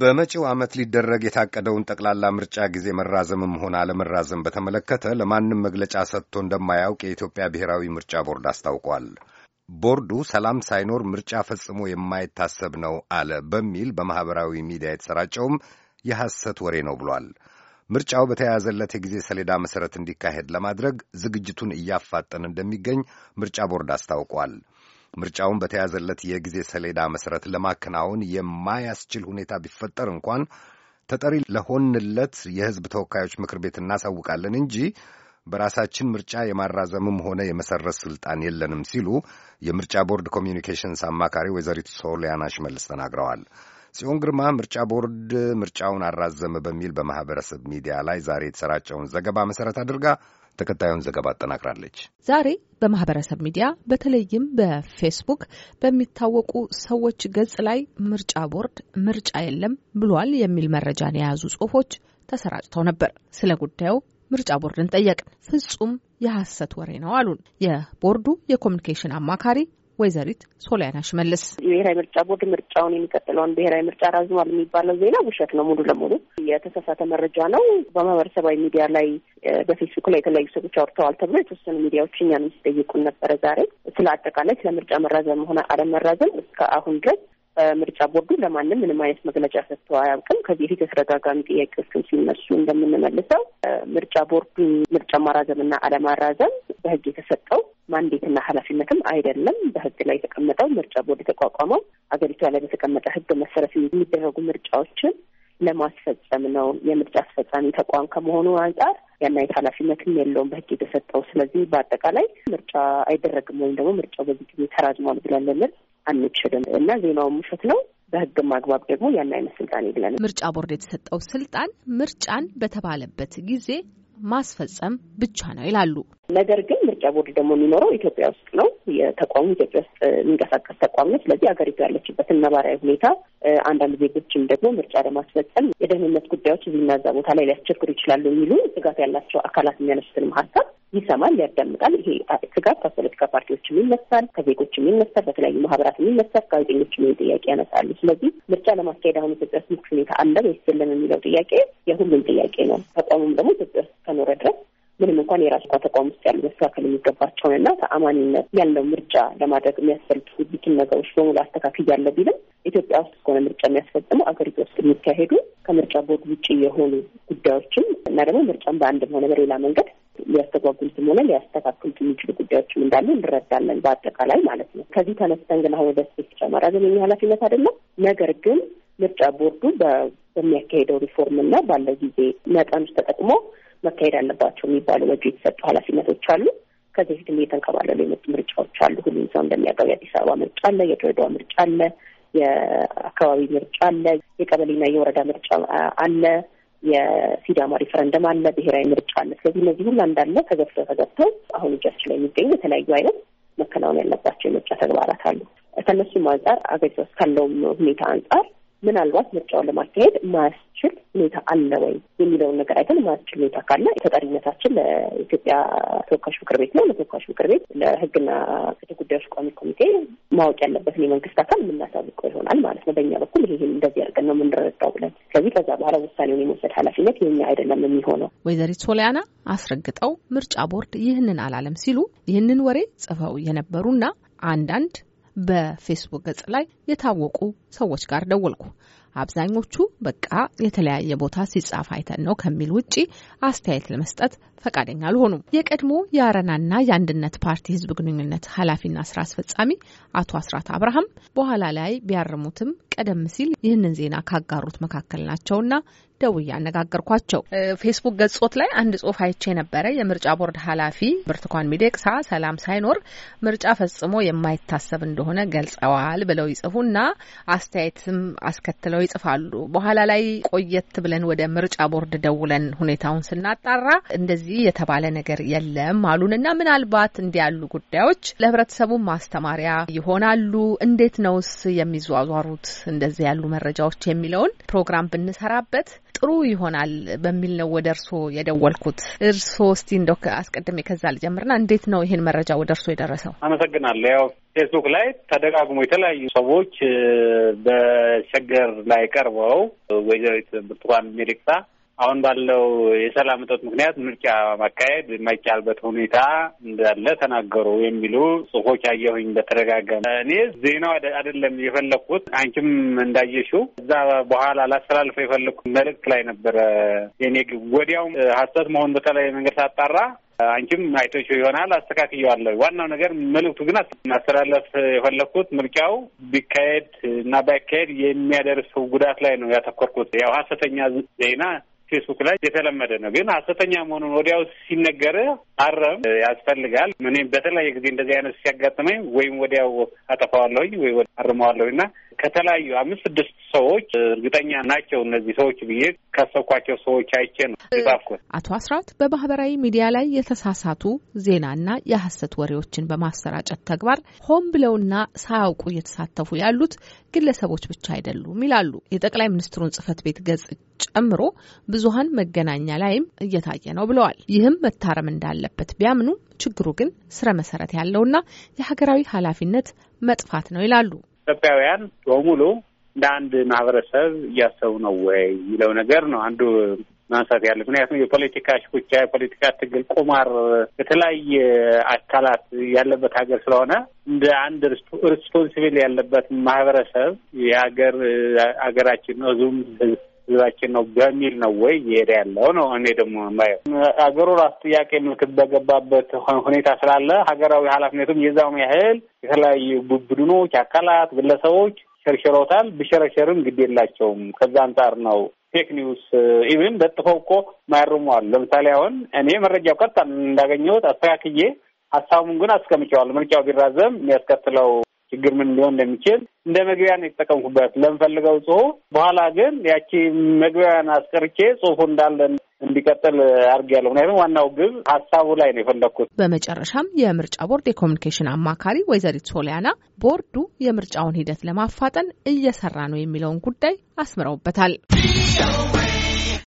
በመጪው ዓመት ሊደረግ የታቀደውን ጠቅላላ ምርጫ ጊዜ መራዘምም ሆነ አለመራዘም በተመለከተ ለማንም መግለጫ ሰጥቶ እንደማያውቅ የኢትዮጵያ ብሔራዊ ምርጫ ቦርድ አስታውቋል። ቦርዱ ሰላም ሳይኖር ምርጫ ፈጽሞ የማይታሰብ ነው አለ በሚል በማኅበራዊ ሚዲያ የተሰራጨውም የሐሰት ወሬ ነው ብሏል። ምርጫው በተያያዘለት የጊዜ ሰሌዳ መሠረት እንዲካሄድ ለማድረግ ዝግጅቱን እያፋጠን እንደሚገኝ ምርጫ ቦርድ አስታውቋል። ምርጫውን በተያዘለት የጊዜ ሰሌዳ መሰረት ለማከናወን የማያስችል ሁኔታ ቢፈጠር እንኳን ተጠሪ ለሆንለት የሕዝብ ተወካዮች ምክር ቤት እናሳውቃለን እንጂ በራሳችን ምርጫ የማራዘምም ሆነ የመሰረዝ ስልጣን የለንም ሲሉ የምርጫ ቦርድ ኮሚኒኬሽንስ አማካሪ ወይዘሪት ሶሊያና ሽመልስ ተናግረዋል። ጽዮን ግርማ ምርጫ ቦርድ ምርጫውን አራዘመ በሚል በማህበረሰብ ሚዲያ ላይ ዛሬ የተሰራጨውን ዘገባ መሰረት አድርጋ ተከታዩን ዘገባ አጠናቅራለች። ዛሬ በማህበረሰብ ሚዲያ በተለይም በፌስቡክ በሚታወቁ ሰዎች ገጽ ላይ ምርጫ ቦርድ ምርጫ የለም ብሏል የሚል መረጃን የያዙ ጽሁፎች ተሰራጭተው ነበር። ስለ ጉዳዩ ምርጫ ቦርድን ጠየቅን። ፍጹም የሐሰት ወሬ ነው አሉን። የቦርዱ የኮሚኒኬሽን አማካሪ ወይዘሪት ሶሊያና ሽመልስ ብሔራዊ ምርጫ ቦርድ ምርጫውን የሚቀጥለውን ብሔራዊ ምርጫ ራዝሟል የሚባለው ዜና ውሸት ነው፣ ሙሉ ለሙሉ የተሳሳተ መረጃ ነው። በማህበረሰባዊ ሚዲያ ላይ በፌስቡክ ላይ የተለያዩ ሰዎች አውርተዋል ተብሎ የተወሰኑ ሚዲያዎች እኛንም ሲጠይቁን ነበረ። ዛሬ ስለ አጠቃላይ ስለ ምርጫ መራዘም ሆነ አለመራዘም እስከ አሁን ድረስ በምርጫ ቦርዱ ለማንም ምንም አይነት መግለጫ ሰጥቶ አያውቅም። ከዚህ በፊት የተደጋጋሚ ጥያቄዎችም ሲነሱ እንደምንመልሰው ምርጫ ቦርዱ ምርጫ ማራዘምና አለማራዘም በህግ የተሰጠው ማንዴትና ኃላፊነትም አይደለም በህግ ላይ የተቀመጠው ምርጫ ቦርድ የተቋቋመው አገሪቷ ላይ በተቀመጠ ህግ መሰረት የሚደረጉ ምርጫዎችን ለማስፈጸም ነው። የምርጫ አስፈጻሚ ተቋም ከመሆኑ አንጻር ያን አይነት ኃላፊነትም የለውም በህግ የተሰጠው። ስለዚህ በአጠቃላይ ምርጫ አይደረግም ወይም ደግሞ ምርጫው በዚህ ጊዜ ተራዝሟል ብለን ልንል አንችልም እና ዜናውም ውሸት ነው። በህግም አግባብ ደግሞ ያን አይነት ስልጣን የለንም። ምርጫ ቦርድ የተሰጠው ስልጣን ምርጫን በተባለበት ጊዜ ማስፈጸም ብቻ ነው ይላሉ። ነገር ግን ምርጫ ቦርድ ደግሞ የሚኖረው ኢትዮጵያ ውስጥ ነው። የተቋሙ ኢትዮጵያ ውስጥ የሚንቀሳቀስ ተቋም ነው። ስለዚህ ሀገሪቱ ያለችበትን ነባራዊ ሁኔታ አንዳንድ ዜጎችም ደግሞ ምርጫ ለማስፈጸም የደህንነት ጉዳዮች እዚህና እዛ ቦታ ላይ ሊያስቸግሩ ይችላሉ የሚሉ ስጋት ያላቸው አካላት የሚያነሱትንም ሀሳብ ይሰማል፣ ያዳምጣል። ይሄ ስጋት ከፖለቲካ ፓርቲዎችም ይነሳል፣ ከዜጎችም ይነሳል፣ በተለያዩ ማህበራትም ይነሳል። ጋዜጠኞችም ይህን ጥያቄ ያነሳሉ። ስለዚህ ምርጫ ለማካሄድ አሁን ኢትዮጵያ ውስጥ ሁኔታ አለ ወይስ የለም የሚለው ጥያቄ የሁሉም ጥያቄ ነው። ተቋሙም ደግሞ ኢትዮጵያ ውስጥ ከኖረ ድረስ ምንም እንኳን የራሱ ተቋም ውስጥ ያሉ መስተካከል የሚገባቸውን እና ተአማኒነት ያለው ምርጫ ለማድረግ የሚያስፈልጉ ሁሉትን ነገሮች በሙሉ አስተካክል ያለ ቢልም ኢትዮጵያ ውስጥ ከሆነ ምርጫ የሚያስፈጽመው አገሪቱ ውስጥ የሚካሄዱ ከምርጫ ቦርድ ውጭ የሆኑ ጉዳዮችም እና ደግሞ ምርጫን በአንድም ሆነ በሌላ መንገድ ሊያስተጓጉሉትም ሆነ ሊያስተካክሉት የሚችሉ ጉዳዮችም እንዳሉ እንረዳለን፣ በአጠቃላይ ማለት ነው። ከዚህ ተነስተን ግን አሁን ወደስ ተጨማሪ ግን የኛ ኃላፊነት አይደለም። ነገር ግን ምርጫ ቦርዱ በሚያካሄደው ሪፎርም እና ባለው ጊዜ መጠን ተጠቅሞ መካሄድ አለባቸው የሚባሉ በእጁ የተሰጡ ኃላፊነቶች አሉ። ከዚህ ፊትም እየተንከባለሉ የመጡ ምርጫዎች አሉ። ሁሉም ሰው እንደሚያውቀው የአዲስ አበባ ምርጫ አለ፣ የድሬዳዋ ምርጫ አለ፣ የአካባቢ ምርጫ አለ፣ የቀበሌና የወረዳ ምርጫ አለ፣ የሲዳማ ሪፈረንደም አለ፣ ብሔራዊ ምርጫ አለ። ስለዚህ እነዚህ ሁሉ እንዳለ ተገብተው ተገብተው አሁን እጃችን ላይ የሚገኙ የተለያዩ አይነት መከናወን ያለባቸው የምርጫ ተግባራት አሉ። ከእነሱም አንጻር አገሪቷ ውስጥ ካለውም ሁኔታ አንጻር ምናልባት ምርጫውን ለማካሄድ ማያስችል ሁኔታ አለ ወይ የሚለውን ነገር አይተን ማያስችል ሁኔታ ካለ ተጠሪነታችን ለኢትዮጵያ ተወካዮች ምክር ቤት ነው። ለተወካዮች ምክር ቤት፣ ለሕግና ፍትህ ጉዳዮች ቋሚ ኮሚቴ ማወቅ ያለበትን የመንግስት አካል የምናሳውቀው ይሆናል ማለት ነው። በእኛ በኩል ይህን እንደዚህ አድርገን ነው የምንረዳው ብለን፣ ስለዚህ ከዛ በኋላ ውሳኔውን የመውሰድ ኃላፊነት የኛ አይደለም የሚሆነው። ወይዘሪት ሶሊያና አስረግጠው ምርጫ ቦርድ ይህንን አላለም ሲሉ ይህንን ወሬ ጽፈው የነበሩና አንዳንድ በፌስቡክ ገጽ ላይ የታወቁ ሰዎች ጋር ደወልኩ። አብዛኞቹ በቃ የተለያየ ቦታ ሲጻፍ አይተን ነው ከሚል ውጪ አስተያየት ለመስጠት ፈቃደኛ አልሆኑም። የቀድሞ የአረናና የአንድነት ፓርቲ ህዝብ ግንኙነት ኃላፊና ስራ አስፈጻሚ አቶ አስራት አብርሃም በኋላ ላይ ቢያርሙትም ቀደም ሲል ይህንን ዜና ካጋሩት መካከል ናቸውና ደውዬ አነጋገርኳቸው። ፌስቡክ ገጾት ላይ አንድ ጽሁፍ አይቼ ነበረ። የምርጫ ቦርድ ኃላፊ ብርቱካን ሚደቅሳ ሰላም ሳይኖር ምርጫ ፈጽሞ የማይታሰብ እንደሆነ ገልጸዋል ብለው ይጽፉና አስተያየትም አስከትለው ይጽፋሉ። በኋላ ላይ ቆየት ብለን ወደ ምርጫ ቦርድ ደውለን ሁኔታውን ስናጣራ እንደዚህ የተባለ ነገር የለም አሉንና ምናልባት እንዲያሉ ጉዳዮች ለህብረተሰቡ ማስተማሪያ ይሆናሉ። እንዴት ነውስ የሚዟዟሩት እንደዚህ ያሉ መረጃዎች የሚለውን ፕሮግራም ብንሰራበት ጥሩ ይሆናል በሚል ነው ወደ እርስዎ የደወልኩት። እርስዎ እስቲ እንደው አስቀድሜ ከዛ ልጀምርና እንዴት ነው ይሄን መረጃ ወደ እርስዎ የደረሰው? አመሰግናለሁ። ያው ፌስቡክ ላይ ተደጋግሞ የተለያዩ ሰዎች በሸገር ላይ ቀርበው ወይዘሪት ብርቱካን ሚደቅሳ አሁን ባለው የሰላም እጦት ምክንያት ምርጫ ማካሄድ የማይቻልበት ሁኔታ እንዳለ ተናገሩ የሚሉ ጽሁፎች አየሁኝ በተደጋገመ። እኔ ዜናው አይደለም የፈለግኩት፣ አንቺም እንዳየሽው እዛ በኋላ ላስተላልፈው የፈለግኩት መልእክት ላይ ነበረ የኔ ወዲያውም ሀሰት መሆን በተለይ መንገድ ሳጣራ አንቺም አይተሽ ይሆናል አስተካክየዋለሁ። ዋናው ነገር መልእክቱ ግን ማስተላለፍ የፈለግኩት ምርጫው ቢካሄድ እና ባይካሄድ የሚያደርሰው ጉዳት ላይ ነው ያተኮርኩት። ያው ሀሰተኛ ዜና ፌስቡክ ላይ የተለመደ ነው። ግን ሀሰተኛ መሆኑን ወዲያው ሲነገር አረም ያስፈልጋል። እኔም በተለያየ ጊዜ እንደዚህ አይነት ሲያጋጥመኝ ወይም ወዲያው አጠፋዋለሁኝ ወይ አርመዋለሁኝ እና ከተለያዩ አምስት ስድስት ሰዎች እርግጠኛ ናቸው እነዚህ ሰዎች ብዬ ከሰብኳቸው ሰዎች አይቼ ነው የጻፍኩት። አቶ አስራት በማህበራዊ ሚዲያ ላይ የተሳሳቱ ዜናና የሀሰት ወሬዎችን በማሰራጨት ተግባር ሆን ብለውና ሳያውቁ እየተሳተፉ ያሉት ግለሰቦች ብቻ አይደሉም ይላሉ። የጠቅላይ ሚኒስትሩን ጽህፈት ቤት ገጽ ጨምሮ ብዙሀን መገናኛ ላይም እየታየ ነው ብለዋል። ይህም መታረም እንዳለበት ቢያምኑ ችግሩ ግን ስረ መሰረት ያለውና የሀገራዊ ኃላፊነት መጥፋት ነው ይላሉ። ኢትዮጵያውያን በሙሉ እንደ አንድ ማህበረሰብ እያሰቡ ነው ወይ የሚለው ነገር ነው አንዱ ማንሳት ያለ ምክንያቱም የፖለቲካ ሽኩቻ፣ የፖለቲካ ትግል፣ ቁማር የተለያየ አካላት ያለበት ሀገር ስለሆነ እንደ አንድ ሪስፖንሲብል ያለበት ማህበረሰብ የሀገር ሀገራችን ነው ህዝቡም ህዝባችን ነው በሚል ነው ወይ እየሄደ ያለው ነው። እኔ ደግሞ ማየው ሀገሩ ራሱ ጥያቄ ምልክት በገባበት ሁኔታ ስላለ ሀገራዊ ኃላፊነቱም የዛውም ያህል የተለያዩ ቡድኖች፣ አካላት፣ ግለሰቦች ሸርሽረውታል። ብሸረሸርም ግድ የላቸውም። ከዛ አንጻር ነው ፌክ ኒውስ ኢቭን ለጥፈው እኮ ማያርመዋል። ለምሳሌ አሁን እኔ መረጃው ቀጥታ እንዳገኘሁት አስተካክዬ ሀሳቡን ግን አስቀምጨዋል። ምርጫው ቢራዘም የሚያስከትለው ችግር ምን ሊሆን እንደሚችል እንደ መግቢያ ነው የተጠቀምኩበት ለምፈልገው ጽሁፍ። በኋላ ግን ያቺ መግቢያን አስቀርቼ ጽሁፉ እንዳለን እንዲቀጥል አድርጌያለሁ። ምክንያቱም ዋናው ግብ ሀሳቡ ላይ ነው የፈለግኩት። በመጨረሻም የምርጫ ቦርድ የኮሚኒኬሽን አማካሪ ወይዘሪት ሶሊያና ቦርዱ የምርጫውን ሂደት ለማፋጠን እየሰራ ነው የሚለውን ጉዳይ አስምረውበታል።